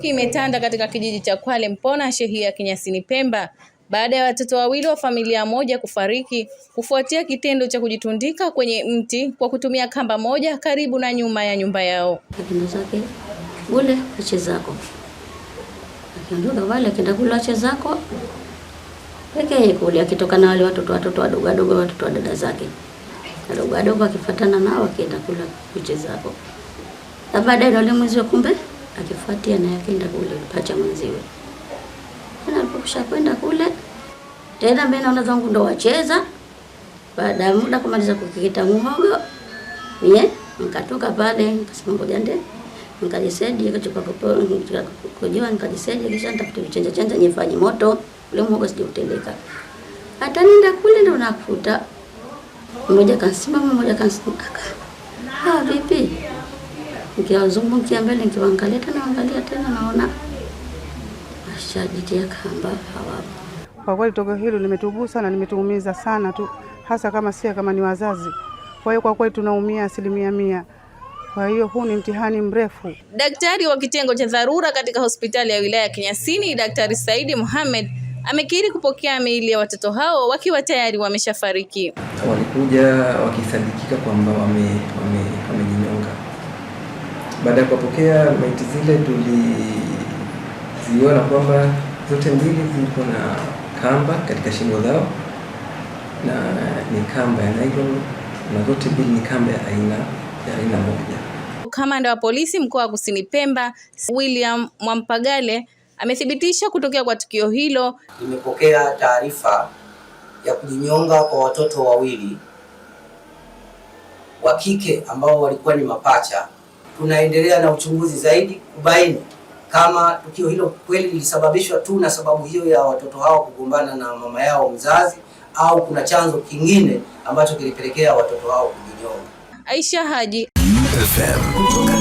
Taharuki imetanda katika kijiji cha Kwale Mpona, shehia ya Kinyasini, Pemba, baada ya watoto wawili wa familia moja kufariki kufuatia kitendo cha kujitundika kwenye mti kwa kutumia kamba moja karibu na nyuma ya nyumba yao. Zake ule ache zako, akiondoka wale akienda kula ache zako peke kule, akitoka na wale watoto watoto wadogo wadogo, watoto wa dada zake wadogo wadogo, akifuatana nao akienda kula ache zako, na baadaye ndio mwezi wa kumbe akifuatia naye akaenda kule pacha mwenziwe. Alipokusha kwenda kule tena, mimi naona zangu ndo wacheza. Baada ya muda kumaliza kukikita muhogo, mie nikatoka pale, nikasema ngoja nde nikajisedia, nikachukua kojoa, nikajisaidi, kisha nitafuta vichenja chenja nyefanye moto ule muhogo sijauteleka. Hata nenda kule ndo nakuta mmoja kansimama, mmoja kansimama, ah, vipi nikiwazungumzia mbele, nikiwaangalia tena angalia tena, naona washajitia kamba hawapo. Kwa kweli tokeo hilo limetugusa na limetuumiza sana tu, hasa kama sie kama ni wazazi. Kwa hiyo kwa kweli tunaumia asilimia mia. Kwa hiyo huu ni mtihani mrefu. Daktari wa kitengo cha dharura katika hospitali ya wilaya ya Kinyasini, Daktari Saidi Mohamed amekiri kupokea miili ya watoto hao wakiwa tayari wameshafariki. Walikuja wakisadikika kwamba wame, wame, baada ya kuwapokea maiti zile, tuliziona kwamba zote mbili ziko na kamba katika shingo zao, na ni kamba ya nylon, na zote mbili ni kamba ya aina ya aina moja. Kamanda wa polisi mkoa wa Kusini Pemba William Mwampagale amethibitisha kutokea kwa tukio hilo. Nimepokea taarifa ya kujinyonga kwa watoto wawili wa kike ambao walikuwa ni mapacha tunaendelea na uchunguzi zaidi kubaini kama tukio hilo kweli lilisababishwa tu na sababu hiyo ya watoto hao kugombana na mama yao mzazi au kuna chanzo kingine ambacho kilipelekea watoto hao kujinyonga. Aisha Haji FM.